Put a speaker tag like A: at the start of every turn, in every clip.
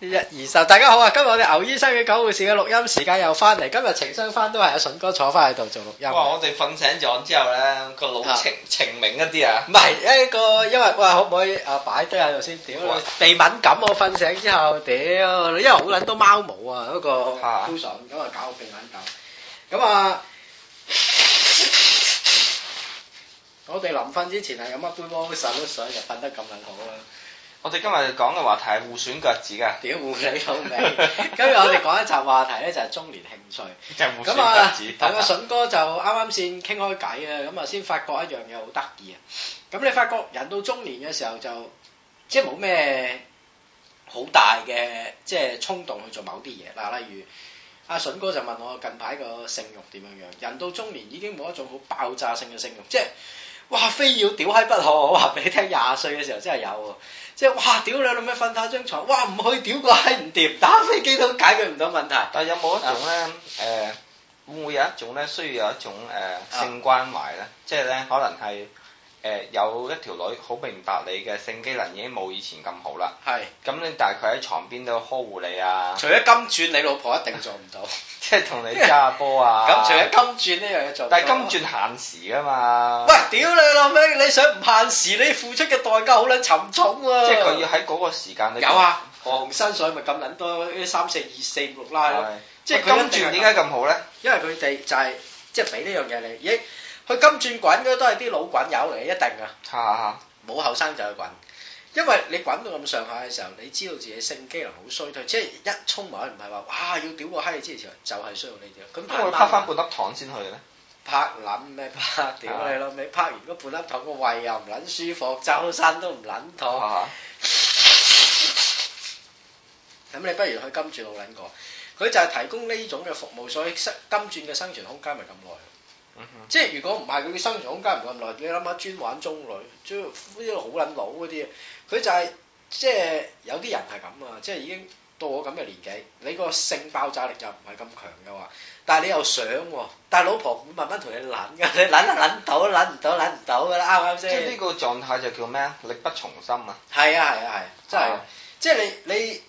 A: 一二三，大家好啊！今日我哋牛醫生嘅狗護士嘅錄音時間又翻嚟，今日程生翻都係阿順哥坐翻喺度做錄音。哇！我
B: 哋瞓醒咗之後咧，個腦清清明一啲啊！唔係
A: 一個因為，哇！可唔可以啊？擺低喺度先，屌鼻敏感，我瞓醒之後，屌，因為好撚多貓毛啊！嗰個鋪床咁啊，搞我鼻
B: 敏感。咁啊，我哋臨瞓之前係飲一杯溫水，就瞓得咁撚好啊。我哋今日講嘅話題係互損腳趾噶，屌，互損好未？今日我哋講一集話題咧，就係中年興趣， 就係互損腳趾。咁啊，阿筍
A: 哥就啱啱先傾開偈啊，咁啊先發覺一樣嘢好得意啊。咁你發覺人到中年嘅時候就即係冇咩好大嘅即係衝動去做某啲嘢嗱，例如阿筍哥就問我近排個性慾點樣樣，人到中年已經冇一種好爆炸性嘅性慾，即係。哇！非要屌閪不可，我話俾你聽，廿歲嘅時候真係有喎，即係哇！屌你老咩？瞓下張床，哇！唔去
B: 屌個閪唔掂，打飛機都解決唔到問題。但係有冇一種咧？誒、啊呃，會唔會有一種咧？需要有一種誒、呃、性關懷咧？啊、即係咧，可能係。誒、呃、有一條女好明白你嘅性機能已經冇以前咁好啦，係是。咁你大概喺床邊度呵護你啊？除咗
A: 金鑽，你老婆一定做唔到，
B: 即係同你揸波啊。咁 除咗金鑽呢樣嘢做，但係金鑽限時㗎嘛。喂，屌你老味！你想唔
A: 限時，你付出嘅代價好撚沉重啊！即係佢要喺
B: 嗰個時間咧。有啊，黃
A: 生水咪咁撚多三四二四五六拉。係是。即係金鑽點解咁好咧？因為佢哋就係即係俾呢樣嘢你。佢金鑽滾都係啲老滾友嚟，一定啊！冇後生就去滾，因為你滾到咁上下嘅時候，你知道自己性機能好衰退，即係一衝埋唔係話哇要屌個閪之前就係、是、需要呢啲。咁佢那麼 拍翻
B: 半粒糖先去咧？
A: 拍捻咩？拍屌你咯，你拍完嗰半粒糖個胃又唔撚舒服，周身都唔撚妥。咁你不如去金鑽好撚過，佢就係提供呢種嘅服務，所以金鑽嘅生存空間咪咁耐。即係如果唔係佢嘅生存，空間唔咁耐。你諗下專玩中女，專呢個好撚老嗰啲啊！佢就係即係有啲人係咁啊！即係已經到我咁嘅年紀，你個性爆炸力就唔係咁強嘅話，但係你又想，但係老婆會慢慢同你捻噶，你捻捻到捻唔到捻唔到噶啦，啱唔啱先？即係呢
B: 個狀態就叫咩啊？力不從心啊！係啊係啊係！真係，
A: 即係你你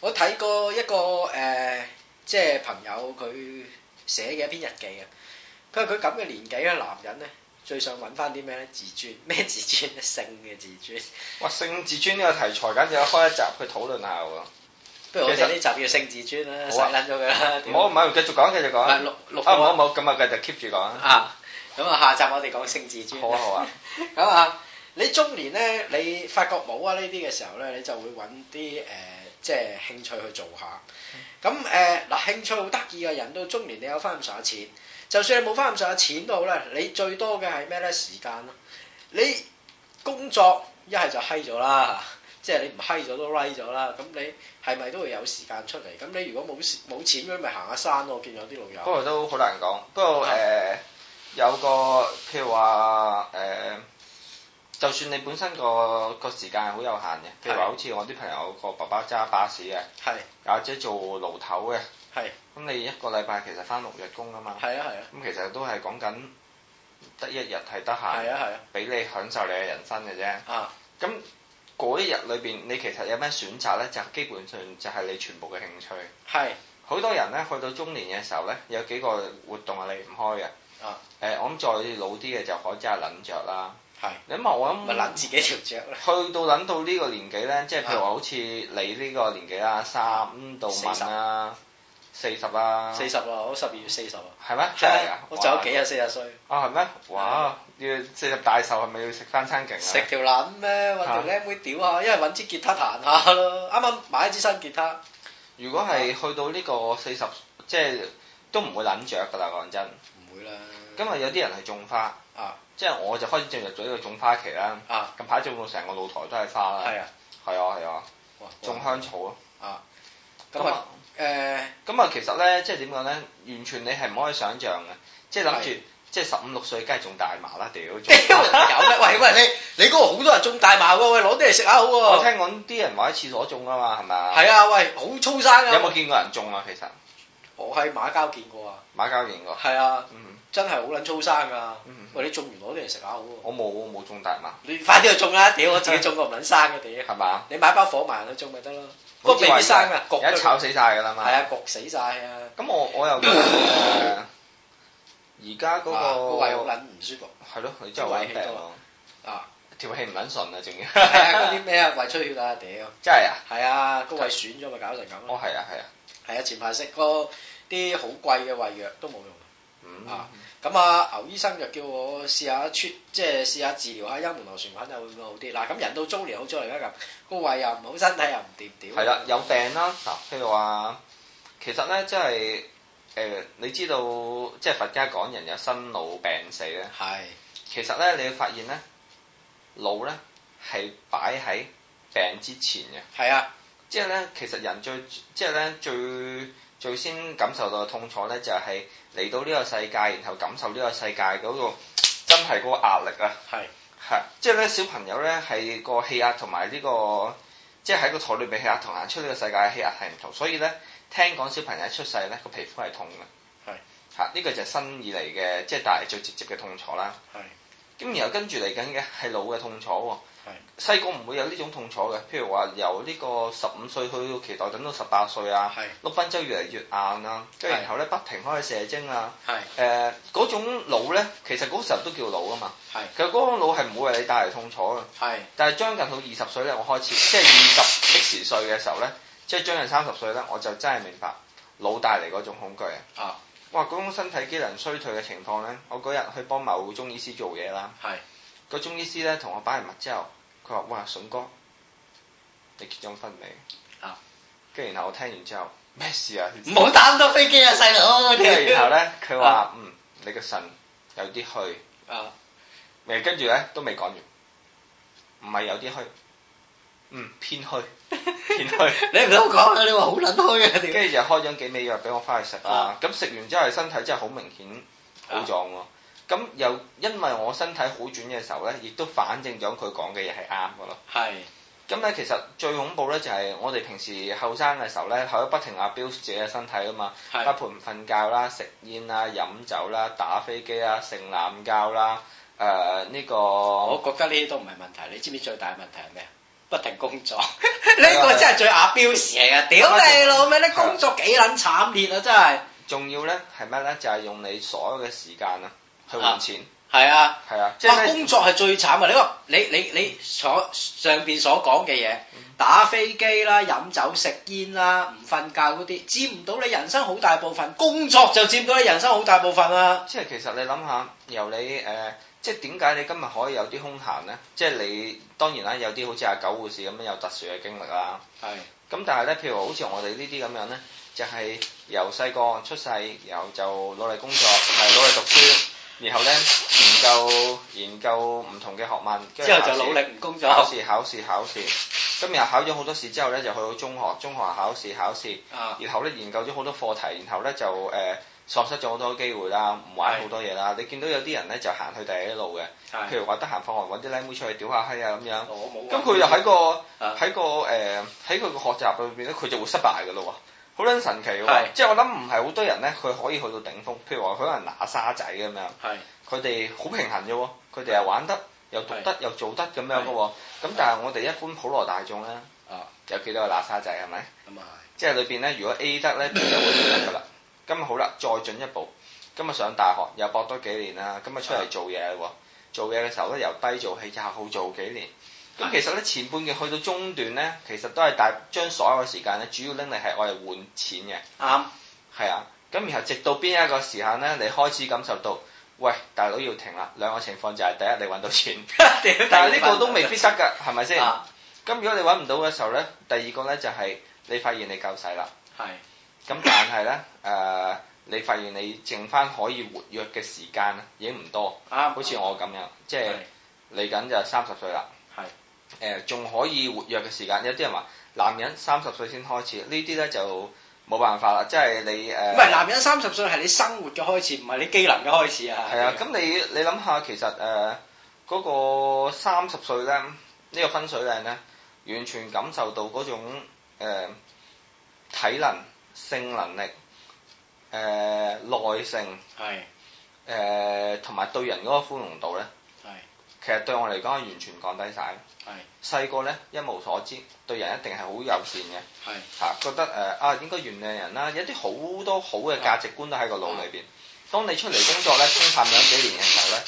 A: 我睇過一個誒，即係朋友佢寫嘅一篇日記啊。佢佢咁嘅年紀嘅男人咧，最想揾翻啲咩咧？自尊，咩自
B: 尊咧？性嘅自尊。哇！性自尊呢個題材，簡直開一集去討論下喎。不如我哋呢集叫性自尊啦，甩甩咗佢啦。好，唔係，繼續講，繼續講。六六啊！唔好唔好，咁啊，就繼續 keep 住講啊。啊！咁啊，下集我哋講性自尊好，啊。好啊好啊。
A: 咁啊，你中年咧，你發覺冇啊呢啲嘅時候咧，你就會揾啲誒，即係興趣去做下。咁誒嗱，興趣好得意嘅，人到中年，你有翻咁多錢。就算你冇返咁上下錢都好啦，你最多嘅係咩咧？時間咯，你工作一係就閪咗啦，即係你唔閪咗都拉咗啦，咁你係咪都會有時間出嚟？咁你如果冇冇錢咁咪行下山咯？我見有啲老友，不過
B: 都好難講，不過誒有個譬如話誒、呃，就算你本身個個時間係好有限嘅，譬如話好似我啲朋友個爸爸揸巴士嘅，係是的 或者做爐頭嘅，係。咁你一個禮拜其實返六日工啊嘛，係啊係啊，咁其實都係講緊得一日係得閒，係啊係啊，俾你享受你嘅人生嘅啫。咁嗰一日裏邊，你其實有咩選擇咧？就基本上就係你全部嘅興趣。係，好多人咧去到中年嘅時候咧，有幾個活動係離唔開嘅。啊，誒，我諗再老啲嘅就可真係諗着啦。你咁啊，我諗咪諗自己條雀去到諗到呢個年紀咧，即係譬如話好似你呢個年紀啦，三到五啊。四十啊？
A: 四十啊！我十二月
B: 四十啊，係咩？真係啊！我仲有幾日四十歲啊？係咩？哇！要四十大壽係咪要食翻餐勁啊？食條撚
A: 咩？揾條僆妹屌啊！一係揾支吉他彈
B: 下咯。啱啱買支新吉他。如果係去到呢個四十，即係都唔會撚着㗎啦。講真，唔會啦。今日有啲人係種花啊，即係我就開始進入咗呢個種花期啦。啊，近排種到成個露台都係花啦。係啊，係啊，種香草咯。啊，咁啊。誒，咁啊，其實咧，即係點講咧，完全你係唔可以想象嘅，即係諗住，即係十五六歲，梗係種大麻啦，屌！有咩？喂喂你，你嗰度好多人種大麻噶喂，攞啲嚟食下好。我聽講啲人話喺廁所種啊嘛，係嘛？係啊，
A: 喂，好粗生啊！有冇
B: 見過人種啊？其實
A: 我喺馬交見過
B: 啊。馬交見過。
A: 係啊，真係好撚粗生噶。喂，你種完攞啲嚟食下好。我
B: 冇，冇種大麻。你
A: 快啲去種啦！屌，我自己種過唔撚生嘅屌。係嘛？你買包火麻去種咪得咯？個胃
B: 生噶，焗一炒死晒噶啦嘛。係啊，焗死晒啊。咁我我又，而家嗰個個胃好撚，唔舒服。係咯，你真係胃氣啊。啊，條氣唔撚順啊，正要。
A: 係啊，嗰啲咩啊，胃出血啊，屌！真係啊！係啊，個胃損咗咪搞成咁。哦，係啊，係啊。係啊，前排食個啲好貴嘅胃藥都冇用。嗯。啊。咁啊，牛醫生就叫我試下出，即係試下治療、就是、下幽門螺旋菌就會唔會好啲。嗱，咁人到中年好咗，而家咁，個胃又唔好，身體又唔掂掂。係啦，有
B: 病啦、啊，嗱，譬如話，其實咧即係誒，你知道即係佛家講人有生老病死咧，係的其實咧你會發現咧，老咧係擺喺病之前嘅，係啊的，即係咧其實人最即係咧最。最先感受到嘅痛楚咧，就係、是、嚟到呢個世界，然後感受呢個世界嗰、那個真係嗰個壓力啊！係是，係，即係咧小朋友咧係個氣壓同埋呢個，即係喺個肚裏邊氣壓同行出呢個世界嘅氣壓係唔同，所以咧聽講小朋友一出世咧個皮膚係痛嘅，係是，嚇呢、這個就新以嚟嘅，即係帶嚟最直接嘅痛楚啦，係。咁然後跟住嚟緊嘅係老嘅痛楚喎，細個唔會有呢種痛楚嘅，譬如話由呢個十五歲去到期待等到十八歲啊，碌賓周越嚟越硬啊，跟是然後咧不停開始射精啊，誒嗰是、呃、種老咧其實嗰時候都叫老啊嘛，是其實嗰種老係唔會為你帶嚟痛楚嘅，是但係將近到二十歲咧，我開始即係二十幾時歲嘅時候咧，即係將近三十歲咧，我就真係明白老帶嚟嗰種恐懼啊。哇！嗰種身體機能衰退嘅情況咧，我嗰日去幫某中醫師做嘢啦。係個是中醫師咧，同我擺完物之後，佢話：哇，筍哥，你結咗婚未？啊！跟住然後我聽完之後，咩事啊？唔好打
A: 咁多飛機啊，細路！跟住 然後咧，佢話：
B: 啊、嗯，你個腎有啲虛。啊！誒，跟住咧都未講完，唔係有啲虛。嗯，偏虛，偏虛，你唔好講啦，你話好撚虛啊！跟住就開咗幾味藥俾我返去食啊！咁食、嗯、完之後，身體真係好明顯好壯咯。咁、啊、又因為我身體好轉嘅時候咧，亦都反映咗佢講嘅嘢係啱㗎咯。係是。咁咧，其實最恐怖咧就係我哋平時後生嘅時候咧，喺不停 abuse 自己嘅身體啊嘛，包括唔瞓覺啦、食煙啦、飲酒啦、打飛機啦、性濫交啦，誒、呃、呢、這個。我覺得呢啲都唔係問題，你知唔知最大問題係咩啊？不停工作， 呢這個真係最
A: 阿彪士嚟噶，屌你
B: 老味，你工作幾撚慘烈啊！真係。仲要咧係咩咧？就係用你所有嘅時間啊，去換錢。係啊。係啊。哇、啊啊啊啊啊！工作係最慘嘅，呢個你
A: 你你，你，你上所上邊所講嘅嘢，打飛機啦、飲酒、食煙啦、唔瞓覺嗰啲，佔唔到你人生好大部分，
B: 工作就佔到你人生好大部分啦。即係其實你諗下，由你誒。呃即係點解你今日可以有啲空閒呢？即係你當然啦，有啲好似阿九護士咁樣有特殊嘅經歷啦。係。咁但係咧，譬如好似我哋呢啲咁樣咧，就係由細個出世，然後就努力工作，係努力讀書，然後咧研究研究唔同嘅學問。之後就努力工作。考試考試考試，今日考咗好多試之後咧，就去到中學，中學考試考試，然後咧研究咗好多課題，然後咧就誒。呃喪失咗好多機會啦，唔玩好多嘢啦。你見到有啲人咧就行去第一路嘅，譬如話得閒放學揾啲僆妹出去屌下閪啊咁樣。咁佢就喺個喺個誒喺佢個學習裏邊咧，佢就會失敗噶咯喎，好撚神奇喎。即係我諗唔係好多人咧，佢可以去到頂峰。譬如話佢可能拿沙仔咁樣，佢哋好平衡啫喎，佢哋又玩得又讀得又做得咁樣嘅喎。咁但係我哋一般普羅大眾咧，有幾多個拿沙仔係咪？即係裏邊咧，如果 A 得咧，就會得噶啦。今日好啦，再進一步。今日上大學又搏多幾年啦，今日的出嚟做嘢喎。做嘢嘅時候咧，由低做起，又耗做幾年。咁其實咧，前半嘅去到中段咧，其實都係大將所有嘅時間咧，主要拎嚟係我哋換錢嘅。啱。係啊，咁然後直到邊一個時間咧，你開始感受到，喂，大佬要停啦。兩個情況就係第一，你揾到錢，但係呢個都未必塞㗎，係咪先？咁如果你揾唔到嘅時候咧，第二個咧就係你發現你夠曬啦。係。咁但係咧？誒、呃，你發現你剩翻可以活躍嘅時間咧，已經唔多，好似、啊、我咁樣，即係嚟緊就三十歲啦。係誒是，仲、呃、可以活躍嘅時間，有啲人話男人三十歲先開始，呢啲咧就冇辦法啦，即係你誒。唔、呃、係男
A: 人三十歲係你生活嘅開始，唔係你
B: 機能嘅開始、嗯、啊。係啊，咁你你諗下，其實誒嗰、呃那個三十歲咧，呢、這個分水嶺咧，完全感受到嗰種誒、呃、體能性能力。誒、呃、耐性係，誒同埋對人嗰個寬容度咧係，的其實對我嚟講係完全降低晒。係細個咧，一無所知，對人一定係好友善嘅。係嚇的、啊、覺得誒、呃、啊應該原諒人啦，有啲好多好嘅價值觀都喺個腦裏邊。的當你出嚟工作咧，衝淡咗幾年嘅時候咧，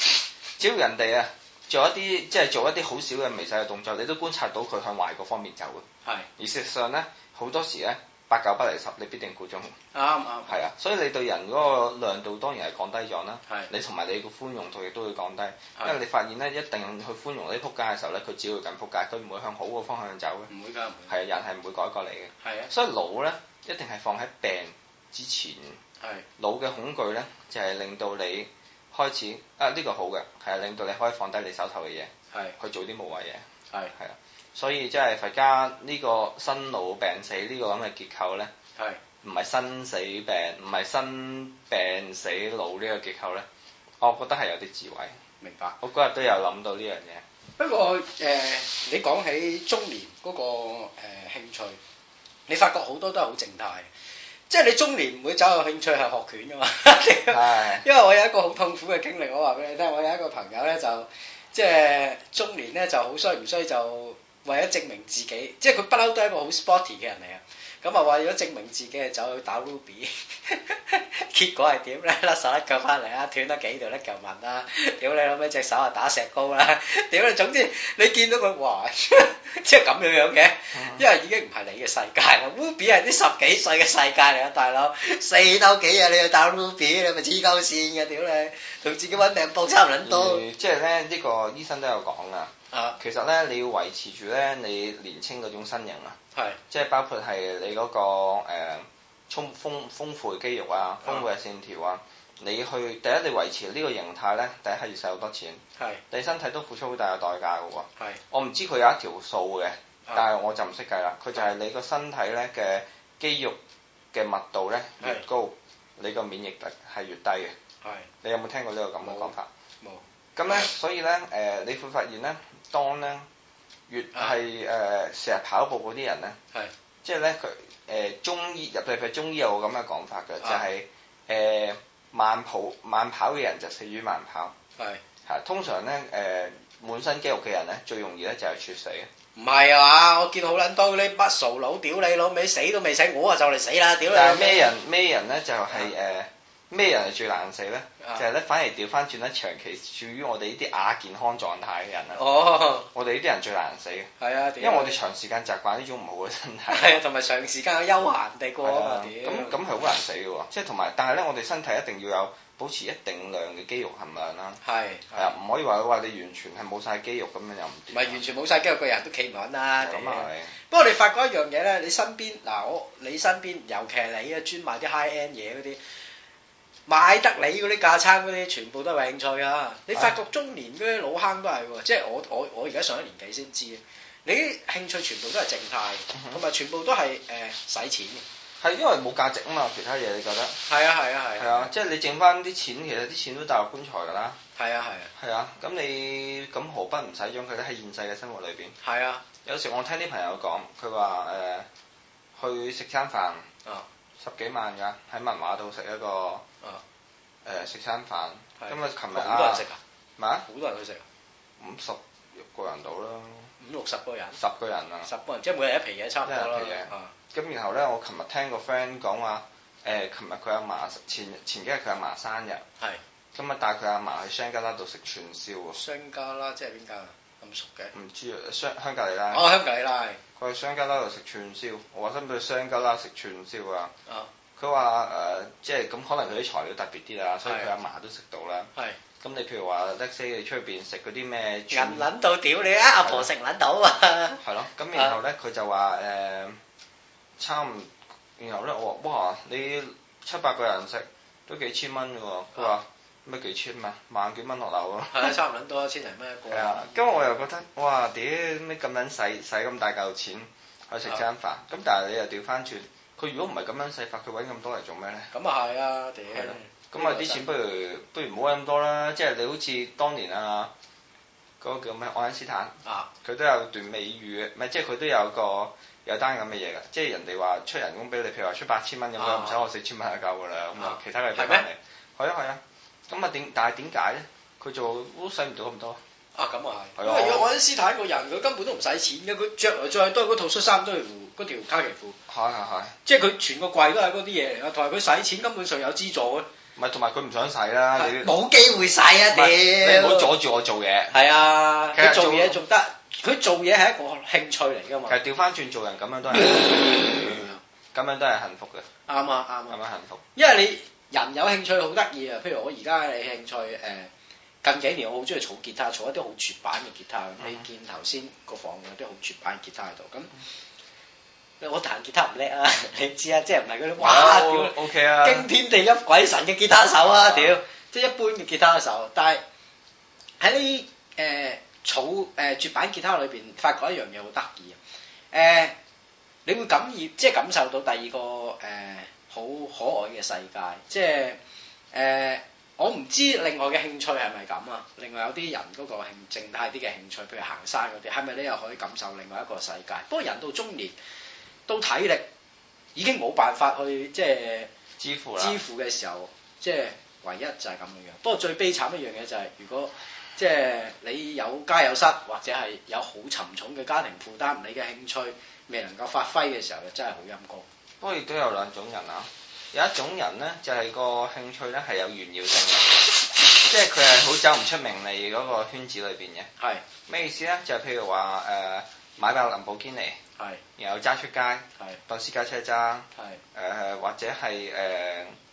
B: 只要人哋啊做一啲即係做一啲好少嘅微細嘅動作，你都觀察到佢向壞嗰方面走嘅。係的的而事實上咧，好多時咧。八九不離十，你必定故障。啱
A: 啱係
B: 啊，所以你對人嗰個亮度當然係降低咗啦。你同埋你個寬容度亦都會降低，因為你發現咧一定去寬容啲仆街嘅時候咧，佢只會更仆街，佢唔會向好嘅方向走嘅。唔會噶，係啊，人係唔會改過嚟嘅。係啊，所以老咧一定係放喺病之前。係老嘅恐懼咧，就係令到你開始啊呢個好嘅，係令到你可以放低你手頭嘅嘢，係去做啲無謂嘢。係，係啊。所以即係佛家呢個生老病死呢個咁嘅結構咧，係唔係生死病唔係生病死老呢個結構咧？我覺得係有啲智慧。明白。我嗰日都有諗到呢樣嘢。
A: 不過誒，你講起中年嗰、嗰個誒、呃、興趣，你發覺好多都係好靜態，即係你中年唔會走去興趣係學拳㗎嘛。係。 因為我有一個好痛苦嘅經歷，我話俾你聽，我有一個朋友咧就即係中年咧就好衰唔衰就。為咗證明自己，即係佢不嬲都係一個好 sporty 嘅人嚟啊！咁啊，為咗證明自己，就走去打 Ruby，結果係點咧？甩手一腳翻嚟啦，斷得幾條一嚿紋啦！屌你老味隻手啊打石膏啦！屌你，總之你見到佢哇，即係咁樣樣嘅，因為已經唔係你嘅世界啦。Ruby 係啲十幾歲嘅世界嚟啊，大佬四兜幾啊，你去打 Ruby，你咪黐鳩線
B: 嘅，屌你同自己搵命搏差唔多。即係咧，呢個醫生都有講啦。啊！其實咧，你要維持住咧，你年輕嗰種身形啊，係是，即係包括係你嗰個、誒、充豐豐富嘅肌肉啊，豐富嘅線條啊，你去第一你維持呢個形態咧，第一係要使好多錢，係是，第二身體都付出好大嘅代價㗎喎，是我唔知佢有一條數嘅，是但係我就唔識計啦。佢就係你個身體咧嘅肌肉嘅密度咧越高，是你個免疫力係越低嘅。係是。你有冇聽過呢個咁嘅講法？冇。咁咧，所以咧，誒，你會發現咧。當咧越係誒，成、呃、日跑步嗰啲人咧，是的 即係咧佢誒中醫譬如，佢中醫有個咁嘅講法嘅，是的 就係、是、誒、呃、慢跑慢跑嘅人就死於慢跑係吓是的、啊，通常咧誒滿身肌肉嘅人咧最容易咧就係、是、猝死
A: 唔係啊嘛？我見好撚多啲乜傻佬屌你老味死都未
B: 死，我話就嚟死啦！屌你！咩人咩人咧就係、是、誒？呃咩人係最難死咧？就係咧，反而調翻轉咧，長期處於我哋呢啲亞健康狀態嘅人啊！哦、我哋呢啲人最難死嘅，係啊，因為我哋長時間習慣呢種唔好嘅身體，係啊，同埋長時間有
A: 休閒地過咁
B: 咁係好難死嘅喎！即係同埋，但係咧，我哋身體一定要有保持一定量嘅肌肉含量啦，係係啊，唔可以話話你完全係冇晒肌肉咁樣又唔掂，唔係完全冇晒肌肉嘅人都企唔穩
A: 啦。咁啊係，是不過你發覺一樣嘢咧，你身邊嗱我你身邊，尤其係你啊，專買啲 high end 嘢嗰啲。買得你嗰啲架撐嗰啲，全部都係興趣啊！你發覺中年嗰啲老坑都係喎，即係我我我而家上一年紀先知嘅，你興趣全部都係靜態，同埋全部都係誒使
B: 錢。係因為冇價值啊嘛，其他嘢你覺得？係啊係啊係。
A: 係啊，啊
B: 即係你剩翻啲錢，其實啲錢都帶入棺材㗎啦。係啊係。係啊，咁、啊啊、你咁何不唔使將佢咧？喺現世嘅生活裏邊。係啊，有時我聽啲朋友講，佢話誒去食餐飯，嗯、十幾萬㗎，喺文華度食一個。啊誒食餐飯，今日琴日好多人食噶，咩？好多人去食，五十個人到啦，五六十個人，十個人啊，十個人即係每日一瓶嘢差唔多咯，咁然後咧，我琴日聽個 friend 講話，誒，琴日佢阿嫲前前幾日佢阿嫲生日，係咁啊，帶佢阿嫲去商加拉度食串燒喎，商加拉即係邊間啊？咁熟嘅？唔知啊，商香格里拉，哦香格里拉，佢去商加拉度食串燒，我話使唔使去商加拉食串燒啊。佢話誒，即係咁可能佢啲材料特別啲啊，所以佢阿嫲都食到啦。係的。咁你譬如話，得西你出邊食嗰啲咩？人揾到屌你啊！的阿婆食揾到啊！係 咯。咁然後咧，佢、啊、就話誒、呃，差唔，然後咧我話：哇！你七百個人食都幾千蚊嘅喎。佢話：咩、啊、幾千咩？萬幾蚊落樓咯。
A: 啊，
B: 差唔揾多，多千零蚊一個。係啊。 咁我又覺得哇！屌咩咁撚使，使咁大嚿錢去食餐飯。咁、啊、但係你又掉翻轉。佢如果唔係咁樣細法，佢揾咁多嚟做咩呢？咁
A: 啊係啊，屌、嗯！咁啊啲錢不
B: 如、嗯、不如唔好揾咁多啦，即係你好似當年、那個、啊，嗰個叫咩愛因斯坦佢都有段美語，唔係即係佢都有個有單咁嘅嘢㗎，即係人哋話出人工俾你，譬如話出八千蚊咁樣，唔使我四千蚊就夠㗎啦，咁啊其他嘅俾翻你。係咩？係啊係啊，咁啊點？但係點解咧？佢做都使唔到咁多。
A: 啊咁啊係，因為如果愛因斯坦個人，佢根本都唔使錢嘅，佢着嚟着去都係嗰套恤衫，都係嗰條卡其褲，
B: 係係係，
A: 即係佢全個櫃都係嗰啲嘢嚟。同埋佢使錢根本上有資助嘅，唔係同埋佢唔想使啦，冇機會使啊！你唔好阻
B: 住我做嘢，
A: 係啊，佢做嘢做得，
B: 佢做嘢係一個興趣嚟㗎嘛。其實調翻轉做人咁樣都係，咁樣都係幸福嘅，啱啊啱啊，啱啊幸福。
A: 因為你人有興趣好得意啊，譬如我而家嘅興趣誒。近幾年我好中意儲吉他，儲一啲好絕版嘅吉他，你見頭先個房有啲好絕版吉他喺度。咁我彈吉他唔叻啊，你知啊，即係唔係嗰啲哇叫驚、oh, okay. 天地泣鬼神嘅吉他手啊，屌！Oh. 即係一般嘅吉他手，但係喺呢啲儲誒絕版吉他裏邊，發覺一樣嘢好得意啊！誒、呃，你會感覺，即係感受到第二個誒好、呃、可愛嘅世界，即係誒。呃。我唔知另外嘅興趣係咪咁啊，另外有啲人嗰個興靜態啲嘅興趣，譬如行山嗰啲，係咪你又可以感受另外一個世界？不過人到中年，到體力已經冇辦法去即係支付啦。支付嘅時候，即係唯一就係咁樣樣。不過最悲慘一樣嘢就係，如果即係你有家有室，或者係有
B: 好沉重嘅家庭負擔，你嘅興趣未能夠發揮嘅時候，就真係好陰功。不過亦都有兩種人啊。有一種人呢，就係、是、個興趣呢，係有炫耀性嘅，即係佢係好走唔出名利嗰個圈子裏邊嘅。係是。咩意思呢？就係、是、譬如話誒、呃、買部林寶堅尼，係是，然後揸出街，係是，當私家車揸，係是、呃，或者係誒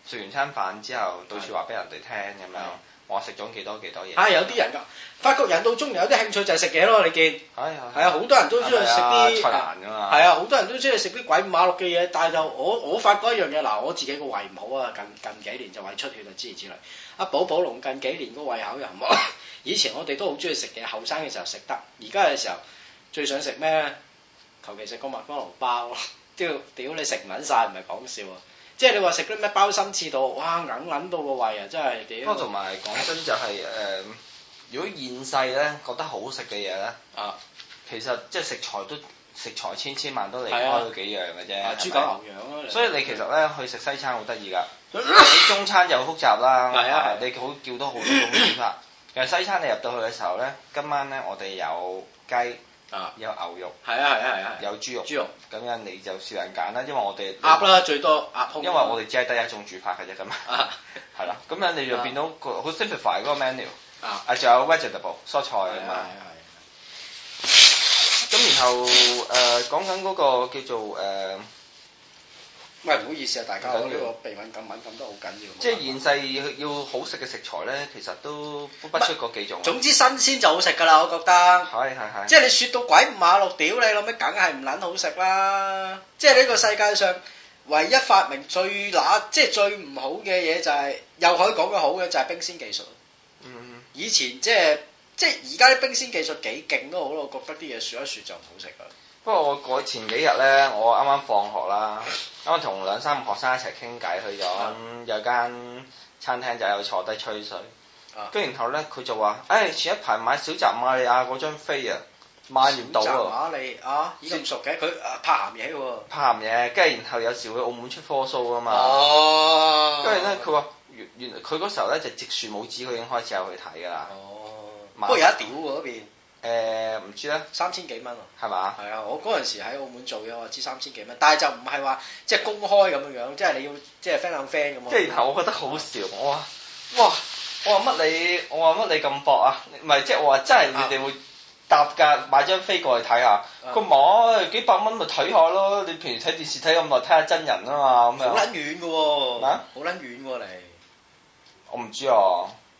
B: 食完餐飯之後，到處話俾是人哋聽咁是樣。我食咗幾多幾多嘢？啊、哎，有啲
A: 人噶，發覺人到中年，有啲興趣就係食嘢咯。你見
B: 係、哎哎、啊，好多人都中意食啲係啊，好、
A: 啊啊、多人都中意食啲鬼馬六嘅嘢。但係就我我發覺一樣嘢，嗱，我自己個胃唔好啊，近近幾年就胃出血啊之類之類。啊，寶寶龍近幾年個胃口又唔好。 以前我哋都好中意食嘢，後生嘅時候食得，而家嘅時候最想食咩？求其食個麥當勞包，屌 屌你食唔撚晒，唔係講笑啊！即係你話食啲咩包心刺到，哇硬撚到個胃啊！真係屌。咁啊，同
B: 埋講真就係、是、誒、呃，如果現世咧覺得好食嘅嘢咧，啊，其實即係食材都食材千千萬都離開咗幾樣嘅啫。啊，豬狗吧牛羊咯、啊。所以你其實咧的去食西餐好得意噶，你 中餐就好複雜啦。係啊，你好叫多好多東西複雜。其實西餐你入到去嘅時候咧，今晚咧我哋有雞。啊！有牛肉，係啊係啊係啊，啊啊有豬肉，豬肉，咁樣你就少人揀啦，因為我哋鴨啦最多鴨、啊、因為我哋只係得一種煮法嘅啫，咁啊，係啦、啊，咁樣你就變到個好 simplify 嗰個 menu 啊，仲有 vegetable 蔬菜啊嘛，係啊係，咁、啊、然後誒講緊嗰個叫做誒。呃唔係唔好意思啊！大家講呢個
A: 鼻敏感敏感都好緊要。即
B: 係現世要，嗯、要好食嘅食材咧，其實都不出嗰幾種。總之新鮮就好食噶啦，我覺得。係係係。即係
A: 你雪到鬼五馬六屌你諗咩？梗係唔撚好食啦！即係呢個世界上唯一發明最乸，即係最唔好嘅嘢就係、是、又可以講嘅好嘅就係、是、冰鮮技術。嗯。以前、就是、即係即係而家啲冰鮮技術幾勁都好咯，我覺得啲嘢雪一雪就唔好食啦。
B: 不過我過前幾日咧，我啱啱放學啦。 我同兩三個學生一齊傾偈，去咗有間餐廳就喺度坐低吹水，跟、啊、然後咧佢就話：誒、哎、前一排買小澤瑪利亞嗰張飛啊，買唔到喎。小澤瑪利啊，以咁熟嘅，
A: 佢
B: 拍鹹嘢喎。拍鹹嘢，跟住然後有時去澳門出科蘇啊嘛。哦、啊。跟住咧，佢話原原佢嗰時候咧就直樹母指佢已經開始有去睇㗎啦。哦、啊。不過有一
A: 屌喎嗰邊。啊啊
B: 誒唔、呃、知啦，
A: 三千幾蚊喎，係嘛？係啊，我嗰陣時喺澳門做嘅，我知三千幾蚊，但係就唔係話即係
B: 公開咁樣樣，即係你要即係 friend friend 咁咯。即係然後我覺得好笑，嗯、我話哇，我話乜你，我話乜你咁薄啊？唔係，即、就、係、是、我話真係你哋會搭架買張飛過嚟睇下。嗯、個網幾百蚊咪睇下咯，你平時睇電視睇咁耐，睇下真人啊嘛咁樣。好撚遠嘅喎，啊？好撚遠喎你，我唔知啊。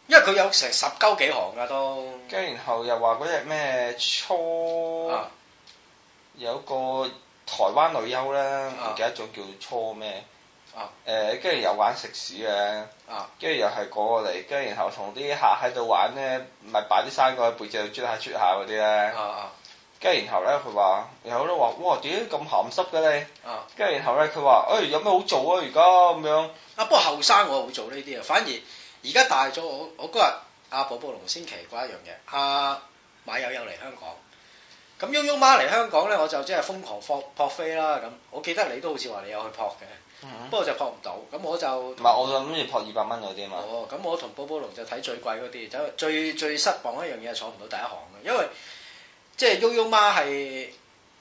B: 因為佢有成十溝幾行噶都，跟住然後又話嗰隻咩初，啊、有個台灣女優咧，唔、啊、記得咗叫初咩，誒、啊呃，跟住又玩食屎嘅，啊、個跟住又係過嚟，跟住、啊啊、然後同啲客喺度玩咧，咪擺啲生果喺背脊度啜下啜下嗰啲咧，跟住然後咧佢話，然後都話，哇，點解咁鹹濕嘅咧，跟住、啊、然後咧佢話，誒、哎，有咩好做啊而家咁樣，啊，不過後生我又會做呢啲啊，反而。而家大咗，
A: 我我嗰日阿寶寶龍先奇怪一樣嘢，阿、啊、馬友友嚟香港，咁悠悠媽嚟香港咧，我就即係瘋狂撲撲飛啦咁。我記得你都好似話你有去撲嘅，嗯、不過就撲唔到。咁我就唔係，我就
B: 諗住撲二百蚊嗰
A: 啲啊嘛。哦，咁我同寶寶龍就睇最貴嗰啲，就最最失望一樣嘢係坐唔到第一行嘅，因為即係悠悠媽係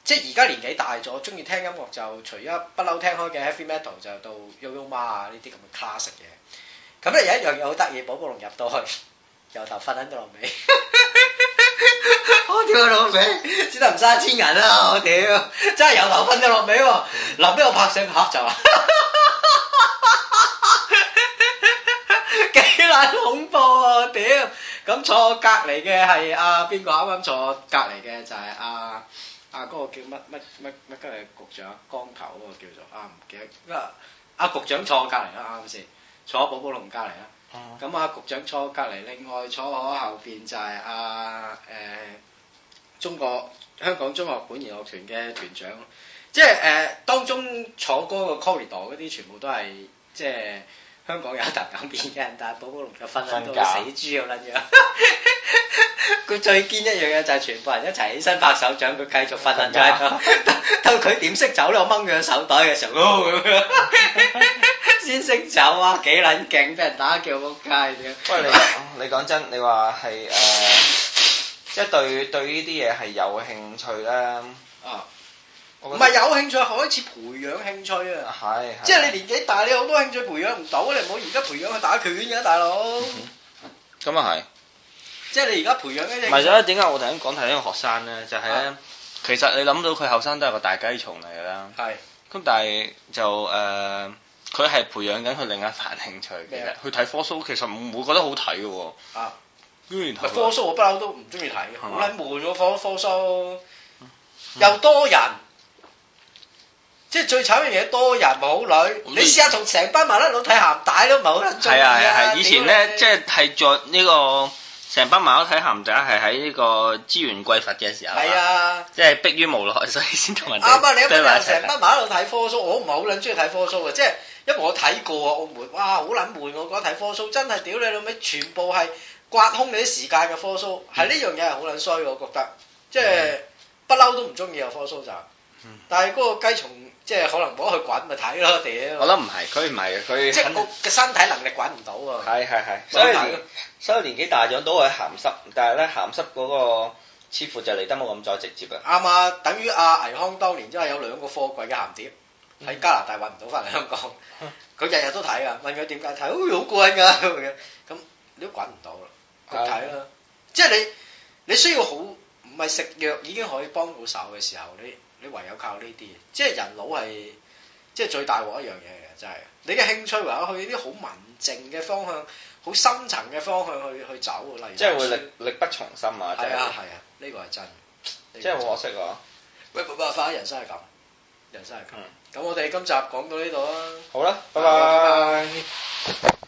A: 即係而家年紀大咗，中意聽音樂就除咗不嬲聽開嘅 heavy metal，就到悠悠媽啊呢啲咁嘅 classic 嘢。咁咧有一樣嘢好得意，寶寶龍入到去，由頭瞓喺到落尾。我屌佢老味，只能唔三千人啊！我屌，真係由頭瞓到落尾喎，臨屘我拍上個合照，幾難恐怖喎屌！咁坐我隔離嘅係阿邊個？啱啱坐我隔離嘅就係阿阿嗰個叫乜乜乜乜嘅局長，光頭嗰個叫做啊唔記得，阿局長坐我隔離啦啱唔啱先？坐喺寶寶龍隔籬啦，咁、嗯嗯、啊局長坐隔籬，另外坐我後邊就係阿誒中國香港中國管弦樂團嘅團長，即係誒、呃、當中坐哥個 corridor 嗰啲全部都係即係香港有一特等編嘅人，但係寶寶龍就瞓喺度死豬咁樣。佢 最堅一樣嘢就係全部人一齊起，起身拍手掌，佢繼續瞓喺度。的 到佢點識走咧？我掹佢手袋嘅時候，咁、哦、樣。
B: 先識走啊！幾撚勁，俾人打叫仆街嘅。不過你你講真，你話係誒，即係對對呢啲嘢係有興趣咧。啊，唔係有
A: 興趣，開、呃、始、嗯嗯 UM、培養興趣啊。係。即係你年紀大，你好多興趣培養唔到，all, 嗯嗯、ies, 你唔好而家培養去打拳嘅大佬。
B: 咁啊係。
A: 即係你而家培養一隻。咪就係
B: 點解我頭先講提呢個學生咧？就係咧，其實你諗到佢後生都係個大雞蟲嚟㗎啦。係的。咁但係就誒。呃佢係培養緊佢另一份興趣嘅，去睇科蘇其實唔會覺得好睇嘅。啊，
A: 咁
B: 然科蘇我
A: 不嬲都唔中意睇，好啦吧，冇咗、啊、科科蘇又多人，嗯、即係最慘一樣嘢，多人
B: 冇女。我你試
A: 下同成班麻甩佬睇鹹帶都唔係好得。係啊係啊，啊，以前咧即
B: 係係在呢、這個成班麻甩佬睇鹹帶係喺呢個資源匱乏嘅時候，係啊，即係迫於無奈所以先同、啊、人哋對埋一齊。成班
A: 麻甩佬睇科蘇，我唔係好撚中意睇科蘇嘅，即係。因為我睇過啊，澳門哇好撚悶，我覺得睇科蘇真係屌你老味，全部係刮空你啲時間嘅科蘇，係呢樣嘢係好撚衰，我覺得、嗯、我覺得即係、嗯、不嬲都唔中意有科蘇就，嗯、但係嗰個雞蟲即係可能冇得去滾咪睇咯，屌！我諗唔係，佢唔係佢，即係個嘅身體能力滾唔到啊！係係係，所以
B: 所以年紀大，養都佢鹹濕，但係咧鹹濕嗰個似乎就嚟得冇咁再直接啊！啱啊，等於
A: 阿倪康當年真係有兩個貨櫃嘅鹹碟。喺、嗯、加拿大揾唔到翻嚟香港，佢日日都睇啊，問佢點解睇？哎好過癮噶，咁你都滾唔到啦，去睇啦，即係你你需要好唔係食藥已經可以幫到手嘅時候，你你唯有靠呢啲，即係人老係即係最大鑊一樣嘢嚟嘅，真係你嘅興趣唯有去呢啲好文靜嘅方向，好深層嘅方向去去走，例如即係會力
B: 書力不從心啊，係啊係啊，呢、啊啊
A: 呢個係真，
B: 即係、好可惜啊！
A: 喂，我話翻人生係咁。人生嚟講、嗯，咁我哋今集講到呢度啦，好啦吧，拜拜。拜拜拜拜。